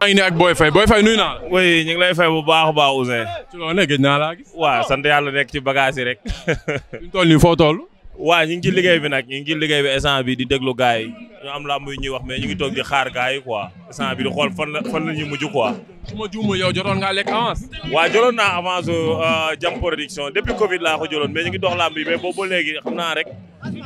maa ngi ak Boy Faye Boy Faye nuyu naa la. oui ngi lay fay bu baax a baax Ousseyn. ci loolu nag gëj naa laa gis. sant yàlla nekk ci bagage yi rek. fi mu toll nii waaw ñu ngi ci liggéey bi nag ñu ngi ci liggéey bi instant bi di déglu gars ñu am làmb yu ñuy wax mais ñu ngi toog di xaar gars yi quoi instant bi di xool fan la fan mujj quoi. su ma juumoo yow jotoon ngaa lekk avance. waaw jëloon naa avance euh, jam production depuis Covid laa ko jëloon ñu ngi dox làmb yi mais boobu ba xam naa rek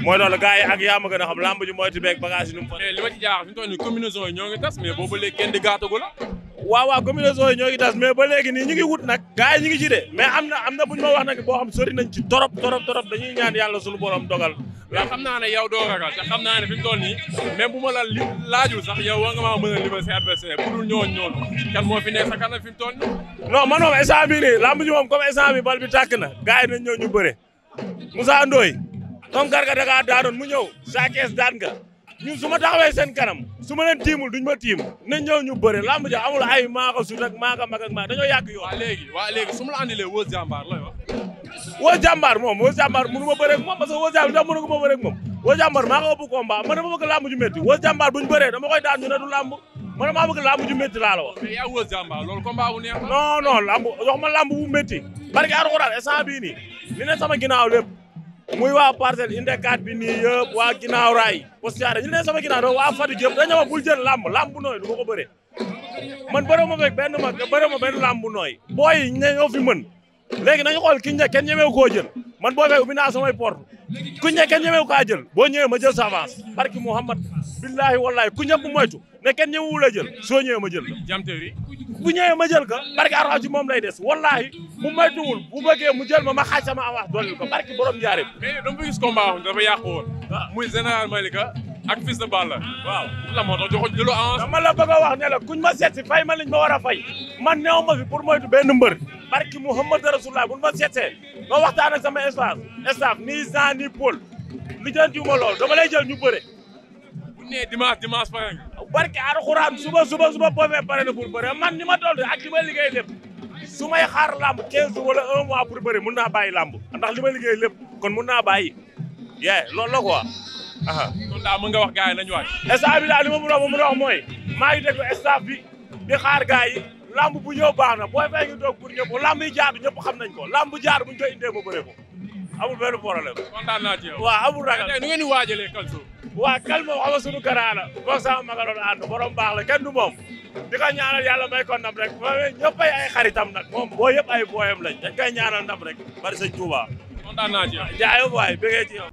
mooy loolu gars ak yaa ma gën a xam làmb ji moytu beeg bagage yi nu mu. mais eh, li tas mais boobu ba kenn di gàttagu la. waaw waaw combinaison yi ñoo tas mais ba léegi nii ñu ngi wut nag gars yi de mais am na am na bu ñu ma wax nag boo xam sori nañ ci torop torop torop dañuy ñaan yàlla suñu borom dogal la xam naa ne yow doo ragal te xam naa ne fi mu toll nii même bu ma la laajul sax yow war nga maa mën a limal sa adversaire bu dul ñooñu ñooñu kan moo fi sa kanam fi mu nii non man moom instant bi nii lamb ji moom comme instant na gars yi nañ ñëw ñu bëre Moussa Ndoye Tom Garga da ngaa daanoon mu ñëw Sa Thiès nga ñun su ma taxawee seen kanam su ma leen tiimul duñ ma tiim na ñëw ñu bëre lamb ja amul ay maa ko sut ak maa ko mag ak maa dañoo yàgg yoon. waaw léegi la andilee Weuz Diambar moom Weuz Diambar mënu ma bëre ak moom parce que Weuz Diambar mënu ma bëre maa ko ëpp combat man dama bëgg lamb ju métti Weuz Diambar buñ bëree dama daan ñu du lamb man maa bëgg lamb ju métti laa la wax. mais yaa ma lamb bu métti. barke Alxuraan instant bii nii li ne muy waa parcelle inde kaat bi nii yëpp waa ginnaaw raay postiare ñu ne sama ginnaaw do waa Fatick yëpp dañoo ma bul jël làmb làmb bu nooy du ma ko bëre man bëre ma fekk benn ma ma benn làmb bu nooy booy yi ne ñoo fi mën léegi nañu xool ki ñe kenn ñemeewu koo jël man boo fekk ubbi naa samay porte ku ñe kenn ñemeewu kaa jël boo ñëwee ma jël sa avance barki Mouhamad billaahi wallaahi ku ñëpp moytu ne kenn ñëwul la jël soo ñëwee ma jël la. Diam Terry bu ma jël ko barki arwa ci moom lay des wallaahi mu moytuwul bu bëggee mu jël ma ma xaaj sama avance dooleel ko barki borom njaareem. mais dama gis combat dafa yàqu woon. muy général Malika ak fils de Balla. waaw la moo tax joxoon jëlu avance. la bëgg a wax ne la kuñ ma seet fay ma liñ ma war a fay man néew ma fi pour moytu benn mbër. barki Muhammad Rasulullah buñ ma seetsee nga waxtaan sama staff staff ñu bu nee dimanche dimanche pare nga. barke alxuraan suba suba suba boo fee pare na pour man ni ma toll ak li may liggéey lépp su xaar làmb 15 jours wala un mois pour mun naa bàyyi lamb ndax li may liggéey kon mun naa bàyyi. yee loolu la quoi. kon daal mën nga wax gars yi nañu waay. staff bi ma mën a wax ma mën a wax mooy maa ngi déglu staff bi di xaar gars yi bu ñëw baax na boo fee ñu toog pour ñëpp làmb yi jaar ñëpp xam nañ ko làmb jaar bu ñu koy indee ba bëre ko. amul benn problème. kontaan naa ci yow waaw amul ragal tey waa Kal moom xam nga sunu garaa la. moom sama maga doon ànd borom baax la kenn du moom. di ko ñaanal yàlla may ko ndam rek waaye ñëpp ay ay xaritam nag moom boo yëpp ay booyam lañ dañ koy ñaanal ndam rek bari waay bëggee ci yow